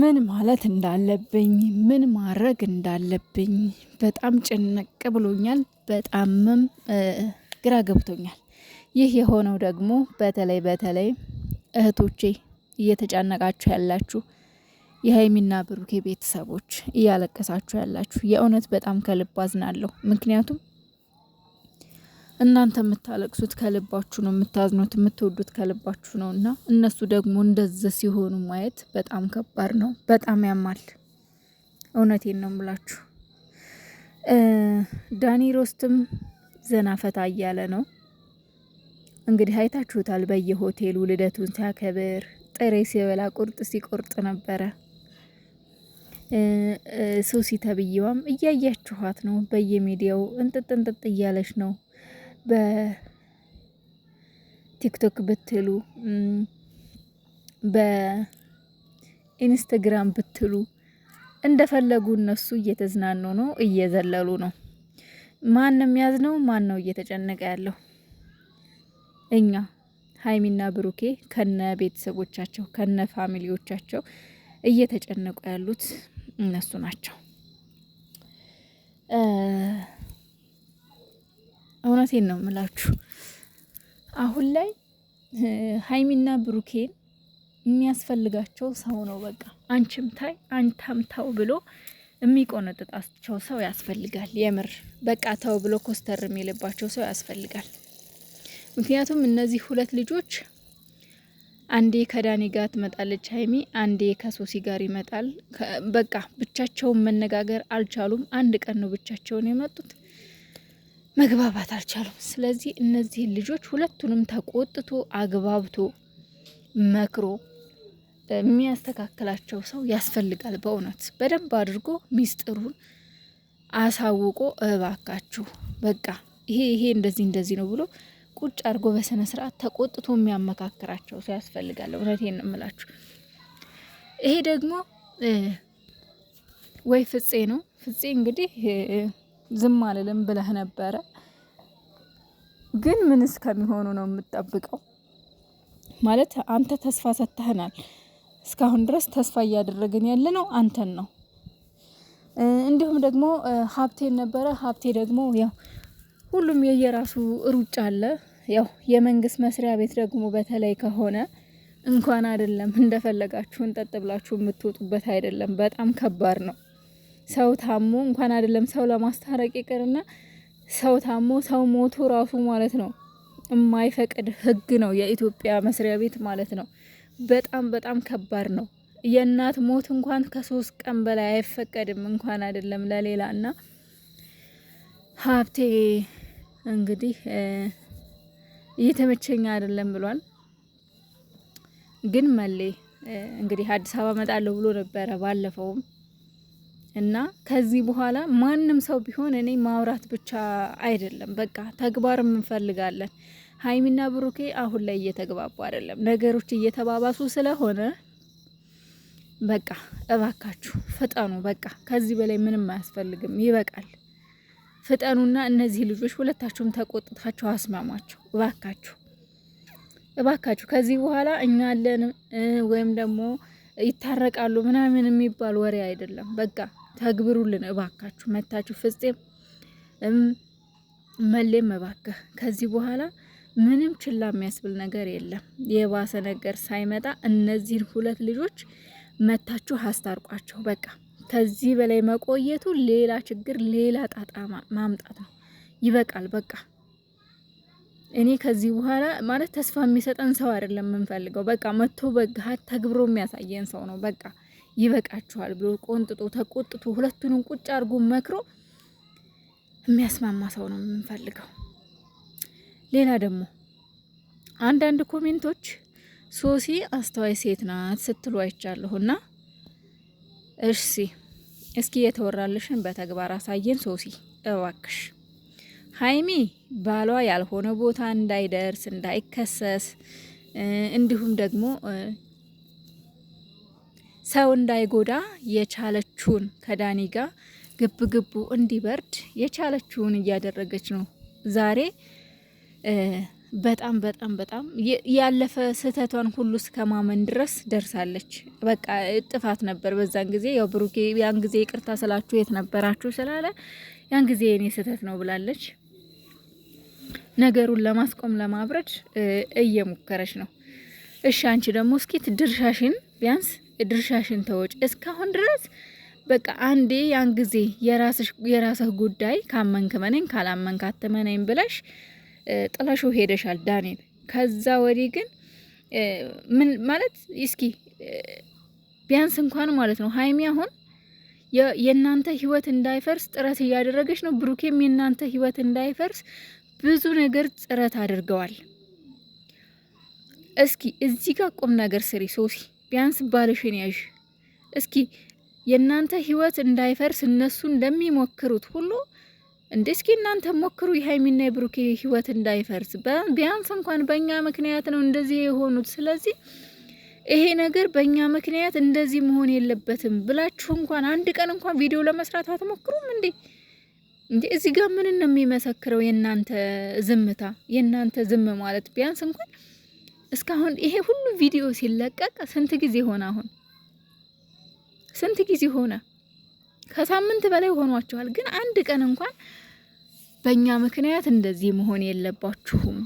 ምን ማለት እንዳለብኝ ምን ማድረግ እንዳለብኝ በጣም ጭንቅ ብሎኛል። በጣምም ግራ ገብቶኛል። ይህ የሆነው ደግሞ በተለይ በተለይ እህቶቼ እየተጨነቃችሁ ያላችሁ የሀይሚና ብሩኬ ቤተሰቦች እያለቀሳችሁ ያላችሁ የእውነት በጣም ከልብ አዝናለሁ። ምክንያቱም እናንተ የምታለቅሱት ከልባችሁ ነው፣ የምታዝኑት የምትወዱት ከልባችሁ ነው። እና እነሱ ደግሞ እንደዚህ ሲሆኑ ማየት በጣም ከባድ ነው፣ በጣም ያማል። እውነቴን ነው የምላችሁ። ዳኒ ሮስትም ዘና ፈታ እያለ ነው እንግዲህ አይታችሁታል። በየሆቴሉ ልደቱን ሲያከብር ጥሬ ሲበላ ቁርጥ ሲቆርጥ ነበረ። ሱሲ ተብዬዋም እያያችኋት ነው፣ በየሚዲያው እንጥጥ እንጥጥ እያለች ነው በቲክቶክ ብትሉ በኢንስታግራም ብትሉ እንደፈለጉ እነሱ እየተዝናኑ ነው፣ እየዘለሉ ነው። ማን ነው የሚያዝነው? ማን ነው እየተጨነቀ ያለው? እኛ ሀይሚና ብሩኬ ከነ ቤተሰቦቻቸው ከነ ፋሚሊዎቻቸው እየተጨነቁ ያሉት እነሱ ናቸው። እውነቴን ነው ምላችሁ አሁን ላይ ሀይሚና ብሩኬን የሚያስፈልጋቸው ሰው ነው። በቃ አንቺም ታይ አንታም ታው ብሎ የሚቆነጥጣቸው ሰው ያስፈልጋል። የምር በቃ ታው ብሎ ኮስተር የሚልባቸው ሰው ያስፈልጋል። ምክንያቱም እነዚህ ሁለት ልጆች አንዴ ከዳኒ ጋር ትመጣለች ሀይሚ፣ አንዴ ከሶሲ ጋር ይመጣል። በቃ ብቻቸውን መነጋገር አልቻሉም። አንድ ቀን ነው ብቻቸውን የመጡት። መግባባት አልቻሉም። ስለዚህ እነዚህ ልጆች ሁለቱንም ተቆጥቶ አግባብቶ መክሮ የሚያስተካክላቸው ሰው ያስፈልጋል። በእውነት በደንብ አድርጎ ሚስጥሩን አሳውቆ እባካችሁ በቃ ይሄ ይሄ እንደዚህ እንደዚህ ነው ብሎ ቁጭ አድርጎ በስነ ስርዓት ተቆጥቶ የሚያመካክራቸው ሰው ያስፈልጋል። እውነቴን ነው የምላችሁ። ይሄ ደግሞ ወይ ፍፄ ነው ፍፄ እንግዲህ ዝም አልልም ብለህ ነበረ። ግን ምን እስከሚሆኑ ነው የምጠብቀው? ማለት አንተ ተስፋ ሰጥተህናል። እስካሁን ድረስ ተስፋ እያደረግን ያለ ነው አንተን ነው። እንዲሁም ደግሞ ሀብቴን ነበረ። ሀብቴ ደግሞ ያው ሁሉም የየራሱ ሩጫ አለ። ያው የመንግስት መስሪያ ቤት ደግሞ በተለይ ከሆነ እንኳን አይደለም እንደፈለጋችሁ እንጠጥ ብላችሁ የምትወጡበት አይደለም። በጣም ከባድ ነው። ሰው ታሞ እንኳን አይደለም ሰው ለማስታረቅ ይቅርና ሰው ታሞ ሰው ሞቶ ራሱ ማለት ነው የማይፈቅድ ህግ ነው የኢትዮጵያ መስሪያ ቤት ማለት ነው። በጣም በጣም ከባድ ነው። የእናት ሞት እንኳን ከሶስት ቀን በላይ አይፈቀድም እንኳን አይደለም ለሌላ እና ሀብቴ እንግዲህ እየተመቸኝ አይደለም ብሏል። ግን መሌ እንግዲህ አዲስ አበባ መጣለሁ ብሎ ነበረ ባለፈውም እና ከዚህ በኋላ ማንም ሰው ቢሆን እኔ ማውራት ብቻ አይደለም፣ በቃ ተግባርም እንፈልጋለን። ሀይሚና ብሩኬ አሁን ላይ እየተግባቡ አይደለም፣ ነገሮች እየተባባሱ ስለሆነ በቃ እባካችሁ ፍጠኑ። በቃ ከዚህ በላይ ምንም አያስፈልግም፣ ይበቃል። ፍጠኑና እነዚህ ልጆች ሁለታችሁም ተቆጥታችሁ አስማማችሁ። እባካችሁ እባካችሁ ከዚህ በኋላ እኛ አለን ወይም ደግሞ ይታረቃሉ ምናምን የሚባል ወሬ አይደለም በቃ ተግብሩልን እባካችሁ መታችሁ ፍፄም መሌም እባክህ ከዚህ በኋላ ምንም ችላ የሚያስብል ነገር የለም። የባሰ ነገር ሳይመጣ እነዚህን ሁለት ልጆች መታችሁ አስታርቋቸው። በቃ ከዚህ በላይ መቆየቱ ሌላ ችግር፣ ሌላ ጣጣ ማምጣት ነው። ይበቃል። በቃ እኔ ከዚህ በኋላ ማለት ተስፋ የሚሰጠን ሰው አይደለም የምንፈልገው። በቃ መጥቶ በግሀት ተግብሮ የሚያሳየን ሰው ነው። በቃ ይበቃችኋል ብሎ ቆንጥጦ ተቆጥቶ ሁለቱንም ቁጭ አድርጎ መክሮ የሚያስማማ ሰው ነው የምንፈልገው። ሌላ ደግሞ አንዳንድ ኮሜንቶች ሶሲ አስተዋይ ሴት ናት ስትሉ ና እሺ እስኪ የተወራልሽን በተግባር አሳየን ሶሲ እባክሽ። ሀይሚ ባሏ ያልሆነ ቦታ እንዳይደርስ እንዳይከሰስ እንዲሁም ደግሞ ሰው እንዳይጎዳ የቻለችውን ከዳኒ ጋር ግብ ግቡ እንዲበርድ የቻለችውን እያደረገች ነው። ዛሬ በጣም በጣም በጣም ያለፈ ስህተቷን ሁሉ እስከ ማመን ድረስ ደርሳለች። በቃ ጥፋት ነበር በዛን ጊዜ ያው ብሩኬ ያን ጊዜ ይቅርታ ስላችሁ የት ነበራችሁ ስላለ ያን ጊዜ የኔ ስህተት ነው ብላለች። ነገሩን ለማስቆም ለማብረድ እየሞከረች ነው። እሺ አንቺ ደግሞ እስኪት ድርሻሽን ቢያንስ ድርሻሽን ተወጭ። እስካሁን ድረስ በቃ አንዴ ያን ጊዜ የራስህ ጉዳይ፣ ካመንክ መነኝ ካላመንክ አትመነኝ ብለሽ ጥለሽው ሄደሻል ዳንኤል። ከዛ ወዲህ ግን ምን ማለት እስኪ ቢያንስ እንኳን ማለት ነው ሀይሚ አሁን የእናንተ ህይወት እንዳይፈርስ ጥረት እያደረገች ነው። ብሩኬም የእናንተ ህይወት እንዳይፈርስ ብዙ ነገር ጥረት አድርገዋል። እስኪ እዚህ ጋር ቁም ነገር ስሪ ሶሲ ቢያንስ ባልሽን ያዥ። እስኪ የእናንተ ህይወት እንዳይፈርስ እነሱ እንደሚሞክሩት ሁሉ እንደ እስኪ እናንተ ሞክሩ። የሀይሚና የብሩኬ ህይወት እንዳይፈርስ ቢያንስ እንኳን በእኛ ምክንያት ነው እንደዚህ የሆኑት። ስለዚህ ይሄ ነገር በእኛ ምክንያት እንደዚህ መሆን የለበትም ብላችሁ እንኳን አንድ ቀን እንኳን ቪዲዮ ለመስራት አትሞክሩም እንዴ? እንዴ እዚህ ጋር ምንን ነው የሚመሰክረው? የእናንተ ዝምታ፣ የእናንተ ዝም ማለት ቢያንስ እንኳን እስካሁን ይሄ ሁሉ ቪዲዮ ሲለቀቅ ስንት ጊዜ ሆነ? አሁን ስንት ጊዜ ሆነ? ከሳምንት በላይ ሆኗችኋል። ግን አንድ ቀን እንኳን በእኛ ምክንያት እንደዚህ መሆን የለባችሁም፣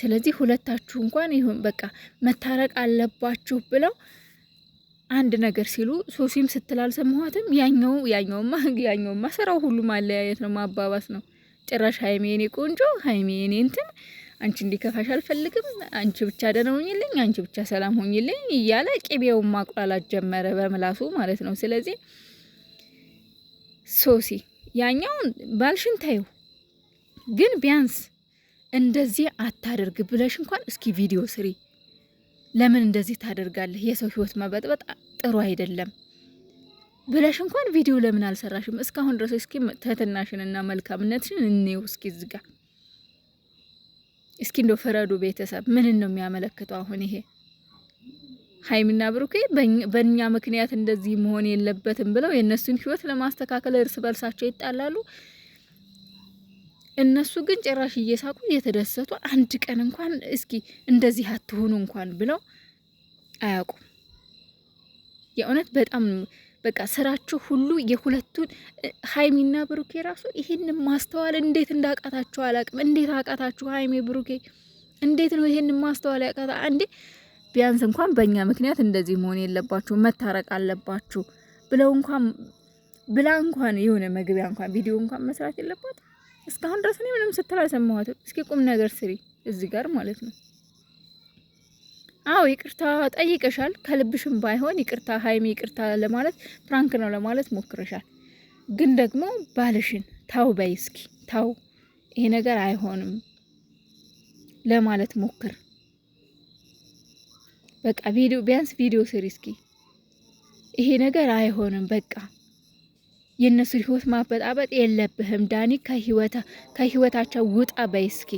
ስለዚህ ሁለታችሁ እንኳን ይሁን በቃ መታረቅ አለባችሁ ብለው አንድ ነገር ሲሉ ሶሲም ስትላል ሰማኋትም። ያኛው ያኛውማ ያኛውማ ስራው ሁሉ ማለያየት ነው ማባባስ ነው። ጭራሽ ሀይሜ የኔ ቆንጆ ሀይሜ የኔ እንትን አንቺ እንዲከፋሽ አልፈልግም፣ አንቺ ብቻ ደህና ሆኝልኝ፣ አንቺ ብቻ ሰላም ሆኝልኝ እያለ ቅቤውን ማቁላላት ጀመረ በምላሱ ማለት ነው። ስለዚህ ሶሲ ያኛውን ባልሽን ታዩ፣ ግን ቢያንስ እንደዚህ አታደርግ ብለሽ እንኳን እስኪ ቪዲዮ ስሪ። ለምን እንደዚህ ታደርጋለህ? የሰው ህይወት መበጥበጥ ጥሩ አይደለም ብለሽ እንኳን ቪዲዮ ለምን አልሰራሽም? እስካሁን ድረስ እስኪ ትህትናሽንና መልካምነትሽን እኔው እስኪ ዝጋ እስኪ እንደው ፍረዱ ቤተሰብ። ምን ነው የሚያመለክተው አሁን ይሄ? ሀይሚና ብሩኬ በእኛ ምክንያት እንደዚህ መሆን የለበትም ብለው የእነሱን ህይወት ለማስተካከል እርስ በርሳቸው ይጣላሉ። እነሱ ግን ጭራሽ እየሳቁ እየተደሰቱ አንድ ቀን እንኳን እስኪ እንደዚህ አትሆኑ እንኳን ብለው አያውቁም። የእውነት በጣም በቃ ስራችሁ ሁሉ የሁለቱን ሀይሚና ብሩኬ ራሱ ይህን ማስተዋል እንዴት እንዳቃታችሁ አላቅም። እንዴት አቃታችሁ ሀይሜ ብሩኬ? እንዴት ነው ይህን ማስተዋል ያቃታ? አንዴ ቢያንስ እንኳን በእኛ ምክንያት እንደዚህ መሆን የለባችሁ መታረቅ አለባችሁ ብለው እንኳን ብላ እንኳን የሆነ መግቢያ እንኳን ቪዲዮ እንኳን መስራት የለባት። እስካሁን ድረስ እኔ ምንም ስትል አልሰማኋትም። እስኪ ቁም ነገር ስሪ እዚህ ጋር ማለት ነው። አዎ ይቅርታ ጠይቀሻል። ከልብሽም ባይሆን ይቅርታ ሀይሚ ይቅርታ ለማለት ፍራንክ ነው ለማለት ሞክረሻል። ግን ደግሞ ባልሽን ታው በይ እስኪ ታው ይሄ ነገር አይሆንም ለማለት ሞክር። በቃ ቪዲዮ ቢያንስ ቪዲዮ ስሪ እስኪ ይሄ ነገር አይሆንም በቃ የእነሱ ህይወት ማበጣበጥ የለብህም ዳኒ፣ ከህይወታቸው ውጣ በይ እስኪ